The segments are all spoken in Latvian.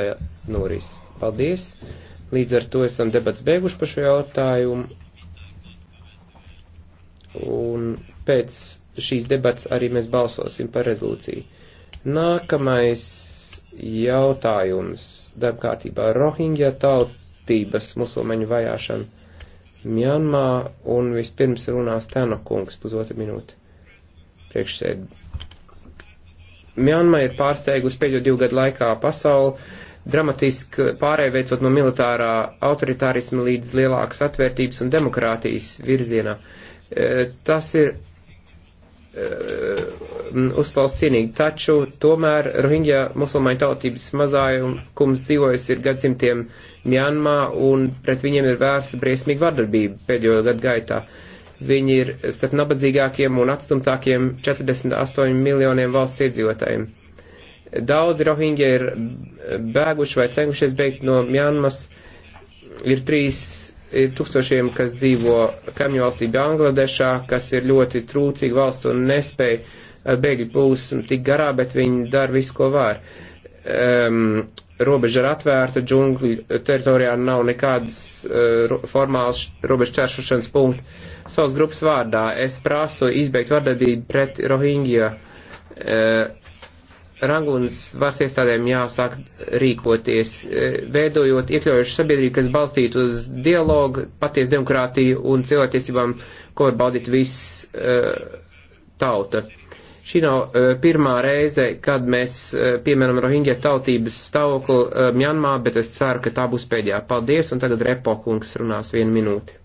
tā noris. Paldies! Līdz ar to esam debats beiguši par šo jautājumu. Un pēc šīs debats arī mēs balsosim par rezolūciju. Nākamais jautājums darbkārtībā - Rohingja tautības musulmaņu vajāšana Mjanmā un vispirms runās Tenokungs pusotra minūte. Priekšsēd. Mjanma ir pārsteigusi pēdējo divu gadu laikā pasauli dramatiski pārēj veicot no militārā autoritārisma līdz lielākas atvērtības un demokrātijas virzienā. E, tas ir e, uzvalsts cienīgi, taču tomēr Rohingya musulmaņu tautības mazājums dzīvojas ir gadsimtiem Mjanmā un pret viņiem ir vērsta briesmīga vardarbība pēdējo gadu gaitā. Viņi ir starp nabadzīgākiem un atstumtākiem 48 miljoniem valsts iedzīvotājiem Daudzi rohingi ir bēguši vai cenšies beigt no Mjanmas. Ir trīs ir tūkstošiem, kas dzīvo kaimiņu valstī Bangladešā, kas ir ļoti trūcīga valsts un nespēja eh, bēgļu plūsmu tik garā, bet viņi dara visu, ko var. Um, robeža ir atvērta, džungļu teritorijā nav nekādas uh, eh, formālas robežu čēršošanas punktu. Savas grupas vārdā es prasu izbeigt vardarbību pret Rohingya. Uh, Rangūnas varas iestādēm jāsāk rīkoties, e, veidojot iekļaujošu sabiedrību, kas balstītu uz dialogu, patiesu demokrātiju un cilvēktiesībām, ko var baudīt viss e, tauta. Šī nav e, pirmā reize, kad mēs pieminam Rohingya tautības stāvokli Mjanmā, bet es ceru, ka tā būs pēdējā. Paldies, un tagad Repo kungs runās vienu minūti.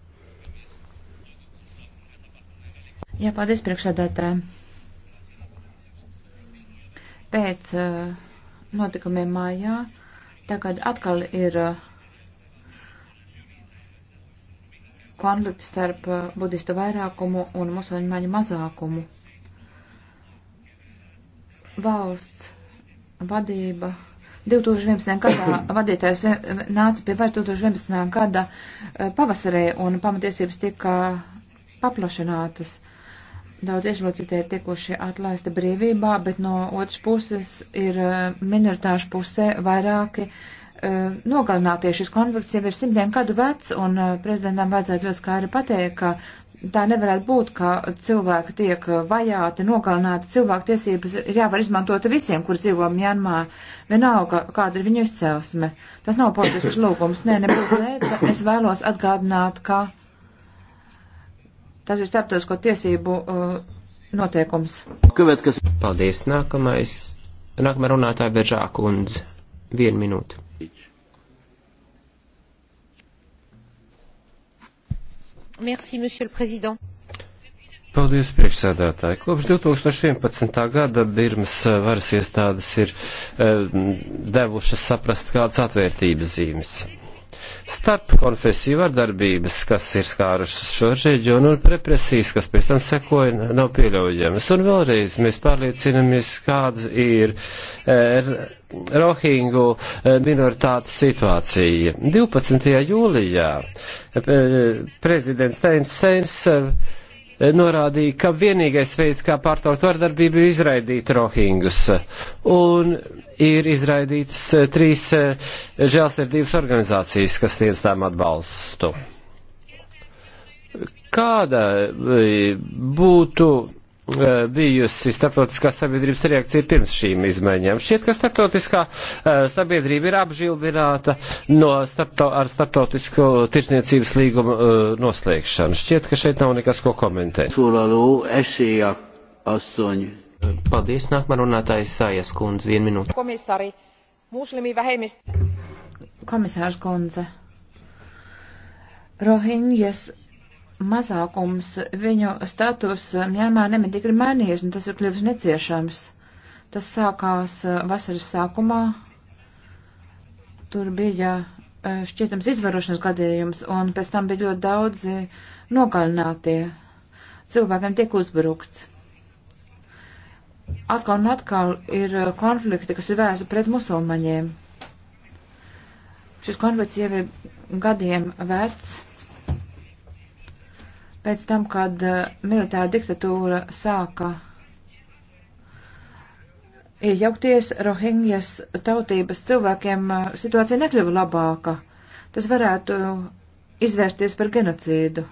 Jā, paldies priekšādātājiem pēc eh, notikumiem mājā tagad atkal ir eh, konflikts starp eh, budistu vairākumu un musulmaņu mazākumu. Valsts vadība 2011. gadā vadītājs nāca pie varas 2011. gada pavasarē un pamatiesības tika paplašinātas. Uh, Daudz ieslodzītie tikuši atlaista brīvībā, bet no otras puses ir eh, minoritāšu pusē vairāki eh, nogalinātie. Šis konflikts jau ir simtiem gadu vecs, un eh, prezidentam vajadzētu ļoti skaidri pateikt, ka tā nevarētu būt, ka cilvēki tiek vajāti, nogalināti. Cilvēku tiesības ir jāvar izmantot visiem, kur dzīvo Mjanmā. Vienalga, kāda ir viņu izcelsme. Tas nav politisks lūgums. Nē, nebūtu lēta. Es vēlos atgādināt, ka. Tas ir starptautisko tiesību uh, noteikums. Kāpēc, kas... Paldies. Nākamais, nākamā runātāja Veržā kundze. Vienu minūtu. Merci, monsieur le président. Paldies, priekšsēdētāji. Kopš 2011. gada Birmas uh, varas iestādes ir e, devušas saprast kādas atvērtības zīmes starp konfesiju vardarbības, kas ir skārušas šo reģionu, un represijas, kas pēc tam sekoja, nav pieļaujamas. Un vēlreiz mēs pārliecinamies, kāds ir. Er, Rohingu eh, minoritātes situācija. 12. jūlijā eh, prezidents Teins Seins Eh, norādīja, ka vienīgais veids, kā pārtraukt vardarbību, ir izraidīt rohingus. Un ir izraidītas eh, trīs eh, žēlsirdības organizācijas, kas sniedz tām atbalstu. Kāda būtu Eh, bijusi starptautiskā sabiedrības reakcija pirms šīm izmaiņām. Šķiet, ka starptautiskā eh, sabiedrība ir apžilbināta no starpto, ar starptautisko tirsniecības līgumu eh, noslēgšanu. Šķiet, ka šeit nav nekas, ko komentēt. Paldies, nākamā runātāja Sājas kundze, vienu minūti. Komisāri, muslimivähemmist. Komisārs kundze. Rohingyas mazākums, viņu status Mjanmā nemitīgi ir mainījies, un tas ir kļuvis neciešams. Tas sākās eh, vasaras sākumā. Tur bija eh, šķietams izvarošanas gadījums, un pēc tam bija ļoti daudzi nogalinātie. Cilvēkiem tiek uzbrukts. Atkal un atkal ir eh, konflikti, kas ir vēsti pret musulmaņiem. Šis konflikts jau ir gadiem vecs pēc tam, kad eh, militāra diktatūra sāka iejaukties Rohingjas tautības cilvēkiem, eh, situācija nekļuva labāka. Tas varētu izvērsties par genocīdu.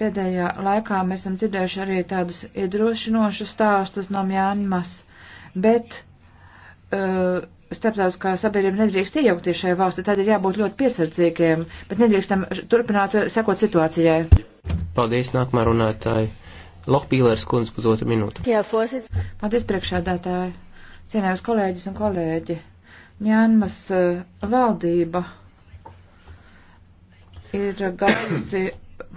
Pēdējā laikā mēs esam dzirdējuši arī tādus iedrošinošus stāstus no Mjānmas, bet uh, starptautiskā sabiedrība nedrīkst iejaukties šajā valstī, tad ir jābūt ļoti piesardzīgiem, bet nedrīkstam turpināt sekot situācijai. Paldies, nākamā runātāja. Lohpīlērs kundze, pusotru minūtu. Jā, fosits. Paldies, priekšādātāji. Cienējums kolēģis un kolēģi. Mjānmas eh, valdība ir gājusi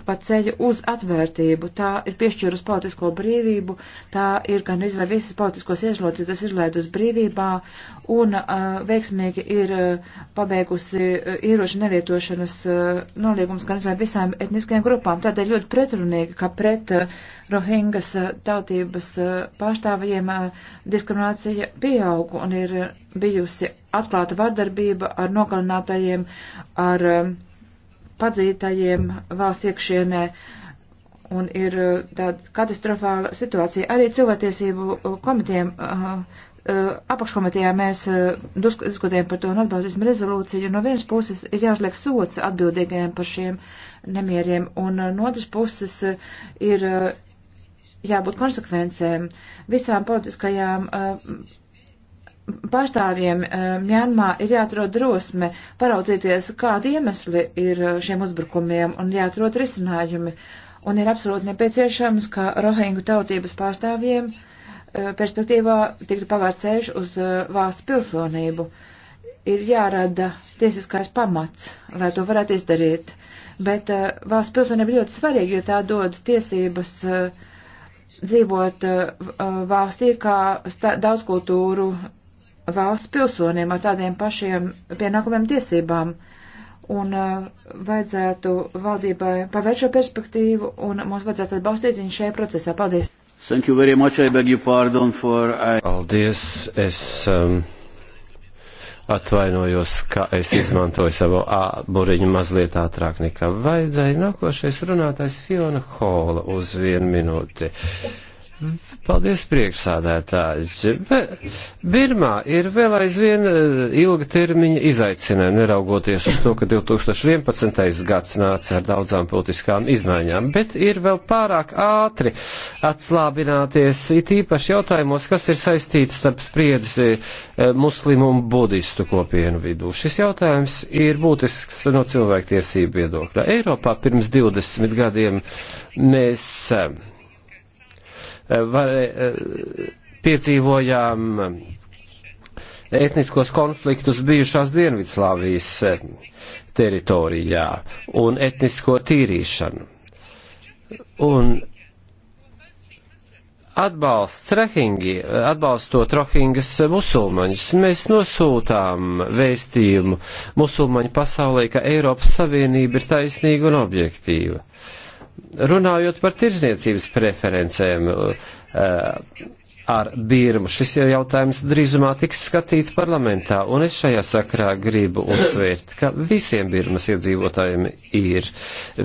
pa ceļu uz atvērtību. Tā ir piešķīrusi politisko brīvību, tā ir gan izvēr visas politiskos ieslodzītas izlaid uz brīvībā un uh, veiksmīgi ir uh, pabeigusi uh, ieroču nevietošanas uh, noliegums gan izvēr visām etniskajām grupām. Tādēļ ļoti pretrunīgi, ka pret uh, Rohingas uh, tautības uh, pārstāvjiem uh, diskriminācija pieaug un ir uh, bijusi atklāta vardarbība ar nokalinātajiem, ar uh, padzītajiem valsts iekšienē un ir uh, tāda katastrofāla situācija. Arī cilvēktiesību komitejiem, uh, uh, apakškomitejā mēs diskutējam par to un atbalstīsim rezolūciju. No vienas puses ir jāuzliek sots atbildīgajiem par šiem nemieriem, un no otras puses ir jābūt konsekvencēm visām politiskajām pārstāvjiem eh, Mjanmā ir jāatrod drosme paraudzīties, kādi iemesli ir eh, šiem uzbrukumiem un jāatrod risinājumi. Un ir absolūti nepieciešams, ka Rohingu tautības pārstāvjiem eh, perspektīvā tiktu pavērts ceļš uz valsts pilsonību. Ir jārada tiesiskais pamats, lai to varētu izdarīt. Bet valsts pilsonība ir ļoti svarīga, jo tā dod tiesības dzīvot valstī kā daudz kultūru valsts pilsoniem ar tādiem pašiem pienākumiem tiesībām. Un uh, vajadzētu valdībai pavērt šo perspektīvu, un mums vajadzētu atbalstīt viņu šajā procesā. Paldies! Thank you very much. I beg you pardon for... I... Paldies! Es um, atvainojos, ka es izmantoju savu A buriņu mazliet ātrāk nekā vajadzēja. Nākošais runātais Fiona Hola uz vienu minūti. Paldies, priekšsādētāji. Birmā ir vēl aizvien e, ilgtermiņa izaicinājumi, neraugoties uz to, ka 2011. gads nāca ar daudzām politiskām izmaiņām, bet ir vēl pārāk ātri atslābināties, it īpaši jautājumos, kas ir saistīts starp spriedzi e, muslimu un budistu kopienu vidū. Šis jautājums ir būtisks no cilvēktiesību viedokļa. Eiropā pirms 20 gadiem mēs e, var, piedzīvojām etniskos konfliktus bijušās Dienvidslāvijas eh, teritorijā un etnisko tīrīšanu. Un atbalsts Rehingi, atbalstot Rohingas musulmaņus, mēs nosūtām vēstījumu musulmaņu pasaulē, ka Eiropas Savienība ir taisnīga un objektīva. Uh, Runājot par tirzniecības preferencēm eh, ar Birmu, šis jautājums drīzumā tiks skatīts parlamentā, un es šajā sakrā gribu uzsvērt, ka visiem Birmas iedzīvotājiem ir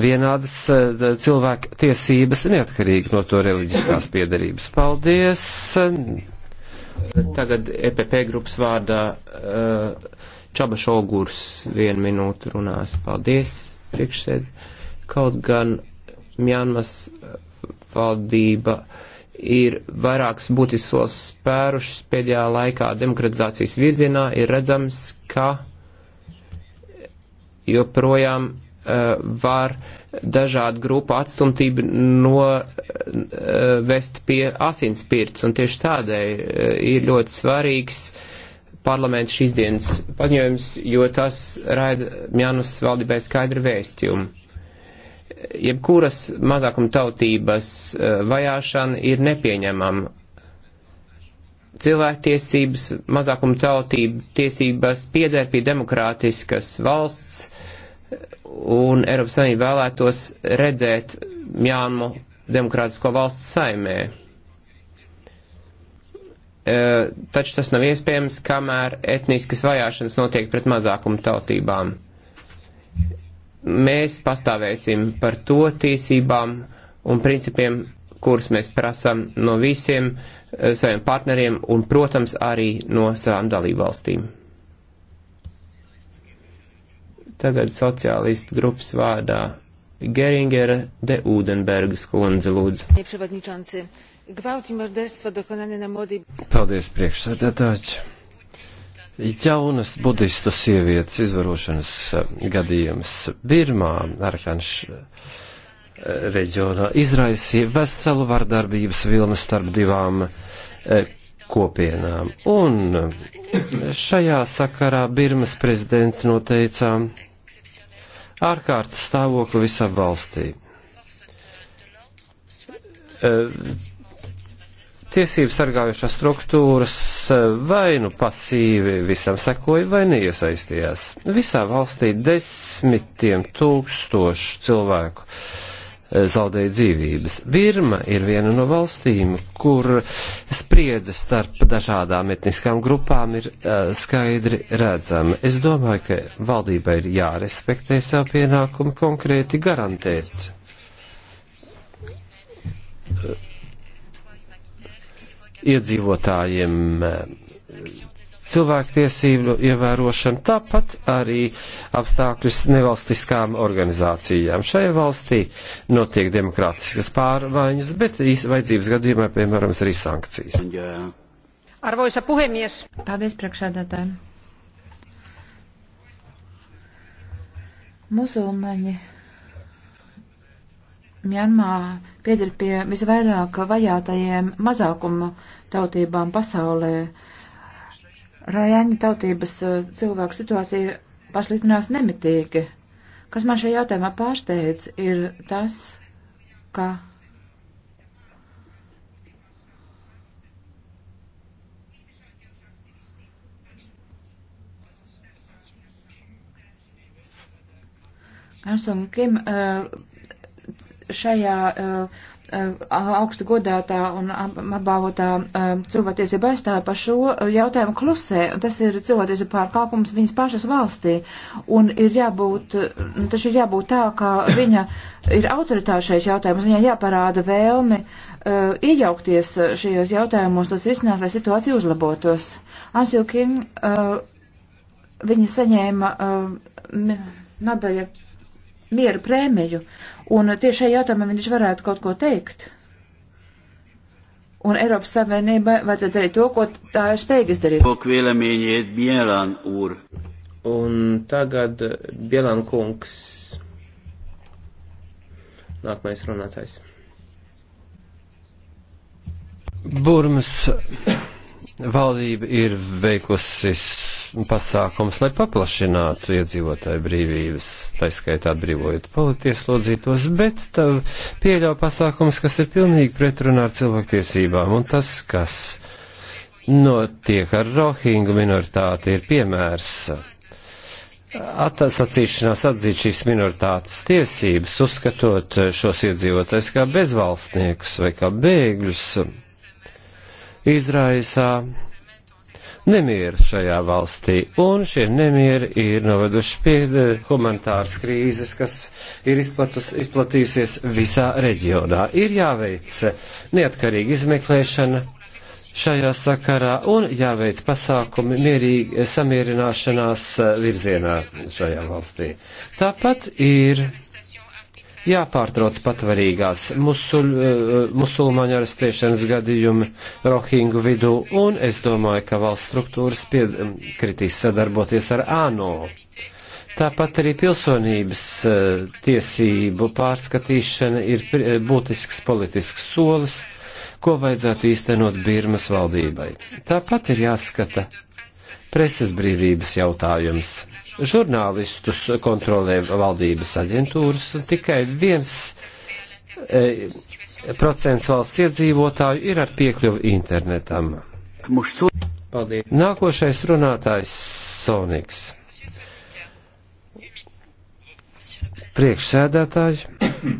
vienādas eh, cilvēku tiesības, neatkarīgi no to reliģiskās piedarības. Paldies! Tagad EPP grupas vārdā eh, Čaba Šogurs vienu minūtu runās. Paldies, priekšsēd. Kaut gan Mjanmas eh, valdība ir vairākas būtisks solis spērušas pēdējā laikā demokratizācijas virzienā, ir redzams, ka joprojām uh, var dažādu grupu atstumtību novest eh, uh, pie asinspirts, un tieši tādēļ uh, ir ļoti svarīgs parlaments šīs dienas paziņojums, jo tas raida Mjanus valdībai skaidru vēstījumu jebkuras mazākuma tautības eh, vajāšana ir nepieņemama. Cilvēktiesības, mazākuma tautība tiesības pieder pie demokrātiskas valsts, eh, un Eiropas Savienība vēlētos redzēt Mjānmu demokrātisko valsts saimē. E, taču tas nav iespējams, kamēr etniskas vajāšanas notiek pret mazākumu tautībām. E, Mēs pastāvēsim par to tiesībām un principiem, kurus mēs prasam no visiem eh, saviem partneriem un, protams, arī no savām dalībvalstīm. Tagad sociālistu grupas vārdā Geringera de Udenbergas kundze lūdzu. Paldies, priekšsēdētāji! jaunas budistu sievietes izvarošanas eh, gadījums Birmā, Arhanš eh, reģionā, izraisīja veselu vardarbības vilni starp divām eh, kopienām. Un šajā sakarā Birmas prezidents noteica ārkārtas stāvokli visā valstī tiesību sargājušās struktūras eh, vai nu pasīvi visam sekoja vai neiesaistījās. Visā valstī desmitiem tūkstošu cilvēku eh, zaudēja dzīvības. Birma ir viena no valstīm, kur spriedze starp dažādām etniskām grupām ir uh, skaidri redzama. Es domāju, ka valdībai ir jārespektē savu pienākumu konkrēti garantēt. Uh, iedzīvotājiem eh, cilvēktiesību ievērošana, tāpat arī apstākļus nevalstiskām organizācijām. Šajā valstī notiek demokrātiskas pārmaiņas, bet vajadzības gadījumā, piemēram, arī sankcijas. Arvoisa puhemies. Paldies, priekšādātāji. Musulmaņi Mjanmā pieder pie visvairāk vajātajiem mazākumu tautībām pasaulē. Rajaņa tautības eh, cilvēku situācija pasliktinās nemitīgi. Kas man šajā jautājumā pārsteidz, ir tas, ka Ernstam Kim uh, šajā uh, augstu godātā un apbalvotā um, cilvēktiesība aizstāja par šo jautājumu klusē, un tas ir cilvēktiesība pārkāpums viņas pašas valstī, un ir jābūt, nu, tas ir jābūt tā, ka viņa ir autoritāte šais jautājums, viņai jāparāda vēlmi uh, iejaukties šajos jautājumos, tas risināt, lai situācija uzlabotos. Ansjukin, uh, viņa saņēma uh, Nobeļa miera prēmiju, un tieši šajā jautājumā viņš varētu kaut ko teikt. Un Eiropas Savienībai vajadzētu darīt to, ko tā ir spējīga izdarīt. Un tagad eh, Bielan kungs, nākamais runātājs. Burmas valdība ir veikusi pasākums, lai paplašinātu iedzīvotāju brīvības, taiskaitā atbrīvojot politieslodzītos, bet tav pieļauj pasākums, kas ir pilnīgi pretrunā ar cilvēktiesībām, un tas, kas notiek ar rohingu minoritāti, ir piemērs. Atsacīšanās atzīt šīs minoritātes tiesības, uzskatot šos iedzīvotājus kā bezvalstniekus vai kā bēgļus, izraisā nemieru šajā valstī, un šie nemieri ir noveduši pie eh, humanitāras krīzes, kas ir izplatus, izplatījusies visā reģionā. Ir jāveic eh, neatkarīga izmeklēšana šajā sakarā un jāveic pasākumi mierīgi eh, samierināšanās virzienā šajā valstī. Tāpat ir jāpārtrauc patvarīgās musul, eh, musulmaņu arestēšanas gadījumi Rohingu vidū, un es domāju, ka valsts struktūras piekritīs sadarboties ar ANO. Tāpat arī pilsonības eh, tiesību pārskatīšana ir eh, būtisks politisks solis, ko vajadzētu īstenot Birmas valdībai. Tāpat ir jāskata preses brīvības jautājums Žurnālistus kontrolē valdības aģentūras, tikai viens e, procents valsts iedzīvotāju ir ar piekļuvu internetam. Paldies. Nākošais runātājs Soniks. Priekšsēdētāji.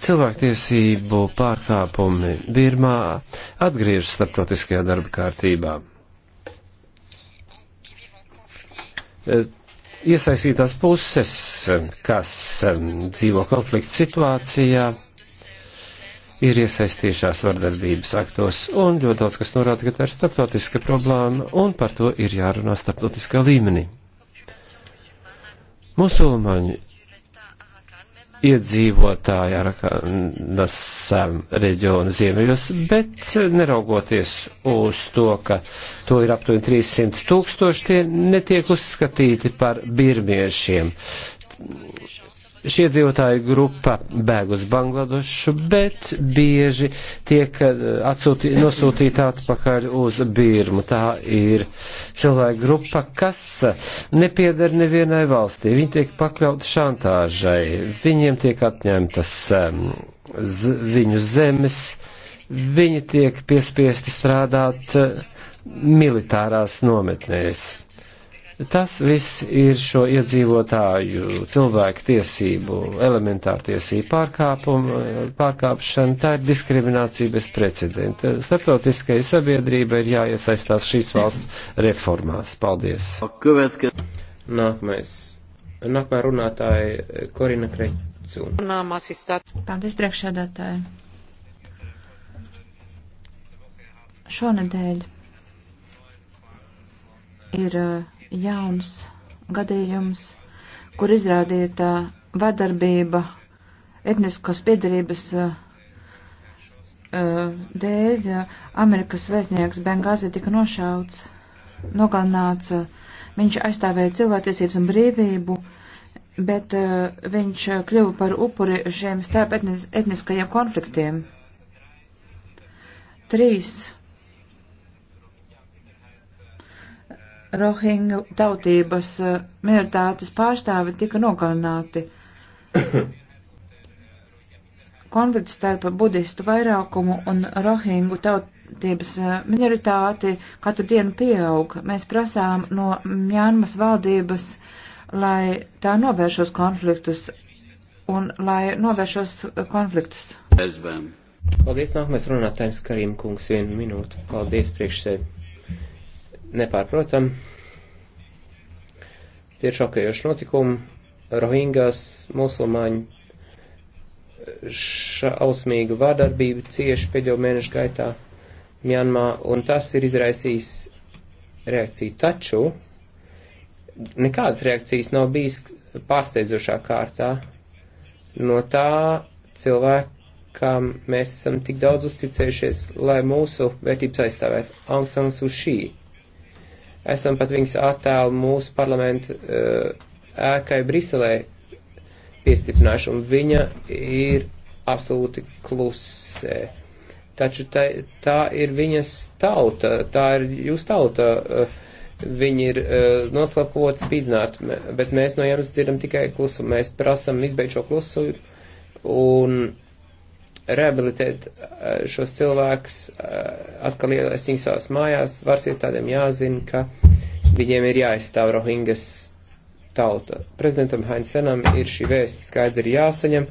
Cilvēktiesību pārkāpumi Birmā atgriežas starptautiskajā darba kārtībā. iesaistītās puses, kas um, dzīvo konflikta situācijā, ir iesaistījušās vardarbības aktos, un ļoti daudz kas norāda, ka tā ir starptautiska problēma, un par to ir jārunā starptautiskā līmenī. Musulmaņi iedzīvotāji Arakanas reģiona ziemeļos, bet neraugoties uz to, ka to ir aptuveni 300 tūkstoši, tie netiek uzskatīti par birmiešiem šī iedzīvotāju grupa bēg uz Bangladešu, bet bieži tiek eh, atsūtī, nosūtīta atpakaļ uz Birmu. Tā ir cilvēku grupa, kas nepieder nevienai valstī. Viņi tiek pakļauti šantāžai, viņiem tiek atņemtas z, viņu zemes, viņi tiek piespiesti strādāt eh, militārās nometnēs Tas viss ir šo iedzīvotāju cilvēku tiesību, elementāru tiesību pārkāpšana, tā ir diskriminācija bez precedenta. Starptautiskai sabiedrība ir jāiesaistās šīs valsts reformās. Paldies! Nākamais. Nākamā runātāja Korina Kreķu. Paldies, priekšsēdētāji. Šonadēļ ir uh, jauns gadījums, kur izrādīta vardarbība etniskos piedarības uh, dēļ eh, Amerikas vēstnieks Bengāzi tika nošauts, nogalināts. Eh, viņš aizstāvēja cilvēktiesības un brīvību, bet uh, viņš kļuva par upuri šiem starp etnis, etniskajiem konfliktiem. Trīs Rohingu tautības eh, minoritātes pārstāvi tika nogalināti. Konflikts starp budistu vairākumu un Rohingu tautības eh, minoritāti katru dienu pieaug. Mēs prasām no Mjānmas valdības, lai tā novēršos konfliktus un lai novēršos eh, konfliktus. Paldies, nākamais runātājs Karim Kungs, vienu minūtu. Paldies, priekšsēdētāji nepārprotam. Tie ir šokējoši notikumi. Rohingas musulmaņu eh, šausmīgu vārdarbību cieši pēdējo mēnešu gaitā Mjanmā, un tas ir izraisījis reakciju. Taču nekādas reakcijas nav bijis pārsteidzošā kārtā no tā cilvēkam mēs esam tik daudz uzticējušies, lai mūsu vērtības aizstāvētu Aung San Suu Kyi esam pat viņas attēlu mūsu parlamentu uh, ēkai Briselē piestiprinājuši, un viņa ir absolūti klusē. Taču tā, tā ir viņas tauta, tā ir jūs tauta, uh, viņi ir uh, eh, noslapot, spīdzināt, bet mēs no jums dzirdam tikai klusu, mēs prasam izbeigt šo klusu, un rehabilitēt eh, šos cilvēkus, eh, atkal ielaist viņus savās mājās, varas iestādēm jāzina, ka viņiem ir jāizstāv Rohingas tauta. Prezidentam Hainsenam ir šī vēsts skaidri jāsaņem,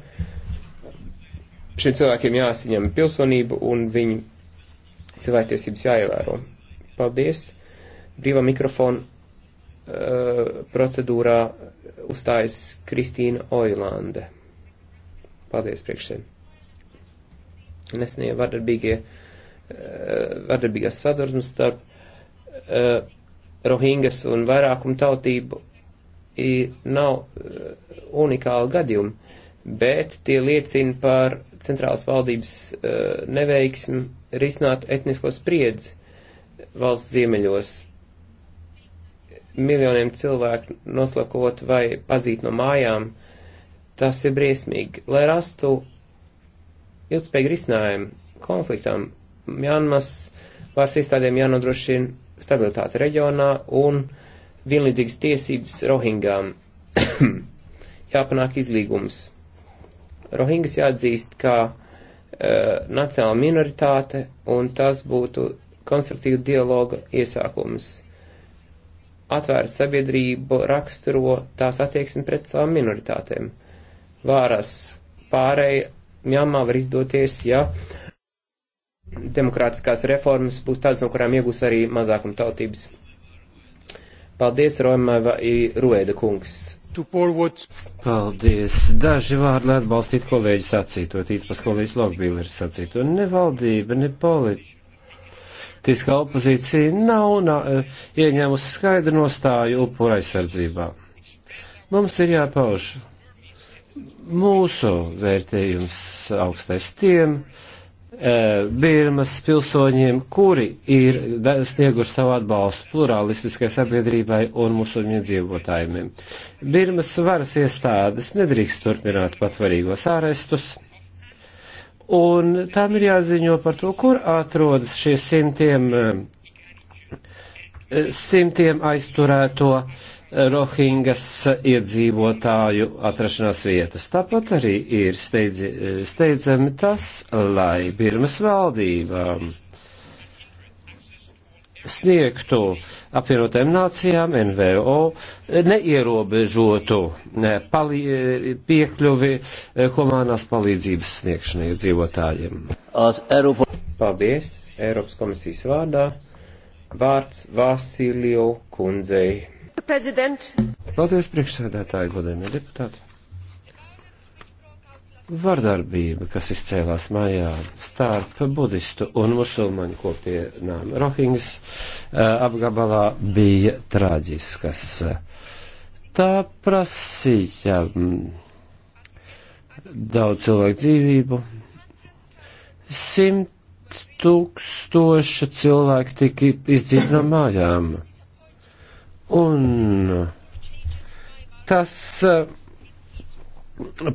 šiem cilvēkiem jāsaņem pilsonību un viņu cilvēktiesības jāievēro. Paldies! Brīvā mikrofona uh, eh, procedūrā uzstājas Kristīna Oilande. Paldies priekšsēdētājiem! nesnie vardarbīgie, eh, vardarbīgās sadursmes starp eh, Rohingas un vairākumu tautību nav eh, unikāli gadījumi, bet tie liecina par centrālas valdības neveiksmi risināt etnisko spriedzi valsts ziemeļos. Miljoniem cilvēku noslakot vai padzīt no mājām, tas ir briesmīgi. Lai rastu ilgspējīgi risinājumi konfliktam. Mjanmas varas iestādēm jānodrošina stabilitāte reģionā un vienlīdzīgas tiesības rohingām. Jāpanāk izlīgums. Rohingas jāatzīst kā uh, nacionāla minoritāte, un tas būtu konstruktīva dialoga iesākums. Atvērta sabiedrība raksturo tās attieksmi pret savām minoritātēm. Vāras pārēja Mjāmā var izdoties, ja demokrātiskās reformas būs tādas, no kurām iegūs arī mazākumtautības. Paldies, Roimava Ruēda kungs. Paldies. Daži vārdi, lai atbalstītu kolēģi sacīto, tīpaši kolēģis Logbīleris sacīto. Ne valdība, ne politiska opozīcija nav nā, eh, ieņēmusi skaidru nostāju upura aizsardzībā. Mums ir jāpauž Mūsu vērtējums augstais tiem e, Birmas pilsoņiem, kuri ir snieguši savu atbalstu pluralistiskai sabiedrībai un musulmiešu dzīvotājiem. Birmas varas iestādes nedrīkst turpināt patvarīgos ārestus, un tām ir jāziņo par to, kur atrodas šie simtiem, e, simtiem aizturēto uh, Rohingas iedzīvotāju atrašanās vietas. Tāpat arī ir steidzi, steidzami tas, lai Birmas valdība sniegtu apvienotēm nācijām NVO neierobežotu pali, piekļuvi eh, humanās palīdzības sniegšanai iedzīvotājiem. Paldies! Eiropas komisijas vārdā vārds Vasiliju kundzei. Paldies, priekšsēdētāji, godējumie deputāti. Vardarbība, kas izcēlās mājā starp budistu un musulmaņu kopienām Rohingas eh, apgabalā, bija traģiskas. Tā prasīja mm, daudz cilvēku dzīvību. Simt tūkstoši cilvēki tika izdzīti no mājām. Un tas eh,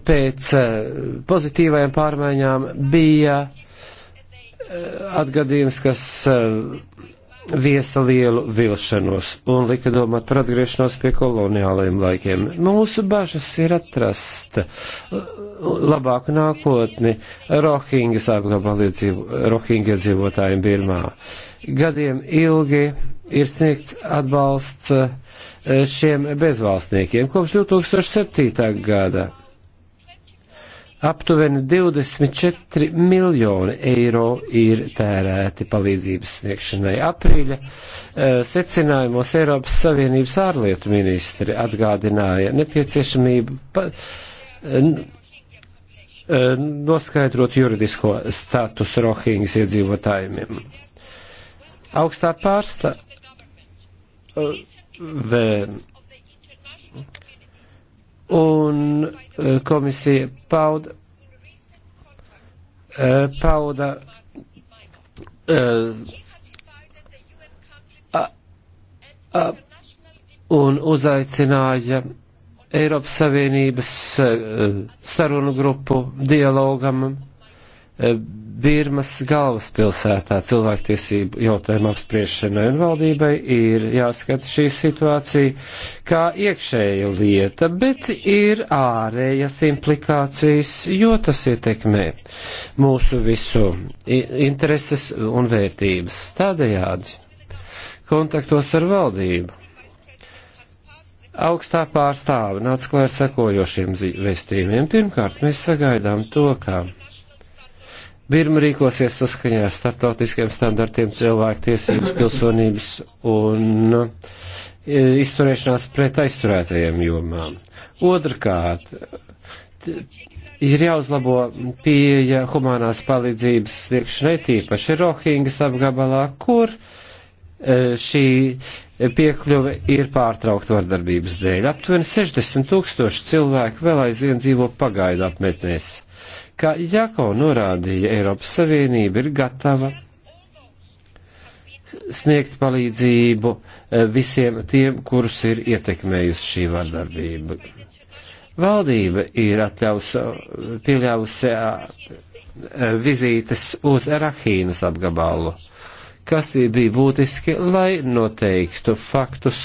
pēc eh, pozitīvajām pārmaiņām bija eh, atgadījums, kas viesa lielu vilšanos un lika domāt par atgriešanos pie koloniālajiem laikiem. Mūsu bažas ir atrast labāku nākotni Rohingyas apgabaliedzīvotājiem Birmā. Gadiem ilgi ir sniegts atbalsts eh, šiem bezvalstniekiem kopš 2007. gada. Aptuveni 24 miljoni eiro ir tērēti palīdzības sniegšanai. Aprīļa eh, secinājumos Eiropas Savienības ārlietu ministri atgādināja nepieciešamību pa, eh, noskaidrot juridisko statusu Rohingas iedzīvotājiem. Augstā pārsta vēl. Un e, komisija pauda, e, pauda e, un uzaicināja Eiropas Savienības sarunu grupu dialogam Eh, Birmas galvaspilsētā cilvēktiesību jautājumu apspriešanai un valdībai ir jāskata šī situācija kā iekšēja lieta, bet ir ārējas implikācijas, jo tas ietekmē mūsu visu intereses un vērtības. Tādējādi kontaktos ar valdību. Augstā pārstāve nāca klāra sekojošiem vēstījumiem. Pirmkārt, mēs sagaidām to, ka Birma rīkosies saskaņā ar startautiskiem standartiem cilvēktiesības, pilsonības un e, izturēšanās pret aizturētajiem jomām. Otrkārt, ir jāuzlabo pieeja humanās palīdzības sniegšanai tīpaši Rohingas apgabalā, kur e, šī piekļuve ir pārtraukta vardarbības dēļ. Aptuveni 60 tūkstoši cilvēku vēl aizvien dzīvo pagaidu apmetnēs ka Jako norādīja, Eiropas Savienība ir gatava sniegt palīdzību eh, visiem tiem, kurus ir ietekmējusi šī vardarbība. Valdība ir atļausi, pieļāvusi eh, vizītes uz Rahīnas apgabalu kas bija būtiski, lai noteiktu faktus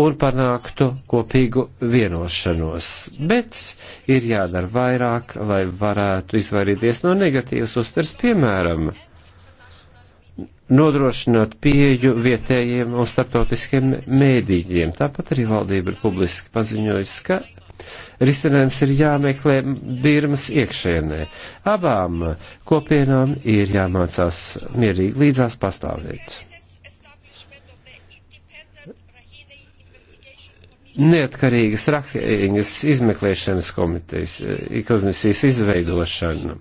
un panāktu kopīgu vienošanos. Bet ir jādara vairāk, lai varētu izvairīties no negatīvas uztvers, piemēram, nodrošināt pieju vietējiem un starptautiskiem mēdīģiem. Tāpat arī valdība ir publiski paziņojusi, ka Risinājums ir jāmeklē Birmas iekšēnē. Abām kopienām ir jāmācās mierīgi līdzās pastāvēt. Neatkarīgas rahiņas izmeklēšanas komitejas, eh, komisijas izveidošana,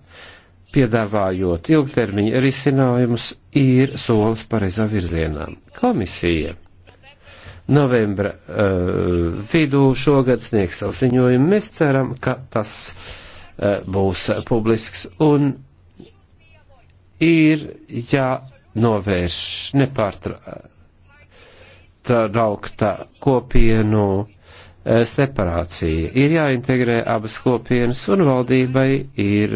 piedāvājot ilgtermiņa risinājumus, ir solis pareizā virzienā. Komisija novembra uh, vidū šogad sniegs savu ziņojumu. Mēs ceram, ka tas uh, būs uh, publisks un ir jānovērš ja nepārtraukta kopienu eh, separācija. Ir jāintegrē abas kopienas un valdībai ir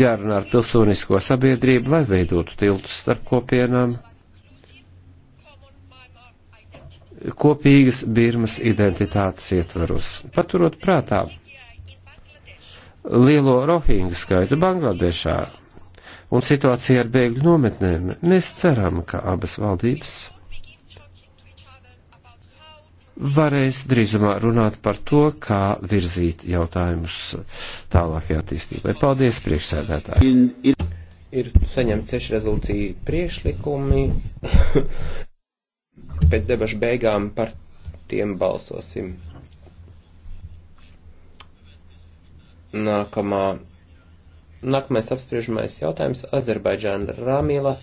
jārunā ar pilsonisko sabiedrību, lai veidotu tiltus starp kopienām kopīgas Birmas identitātes ietvaros. Paturot prātā lielo rohingu skaitu Bangladešā un situāciju ar bēgļu nometnēm, mēs ceram, ka abas valdības varēs drīzumā runāt par to, kā virzīt jautājumus tālākajā attīstībai. Paldies, priekšsēdētāji! Ir saņemts seši rezolūcija priešlikumi pēc debašu beigām par tiem balsosim. Nākamā, nākamais apspriežamais jautājums - Azerbaidžāna Rāmīla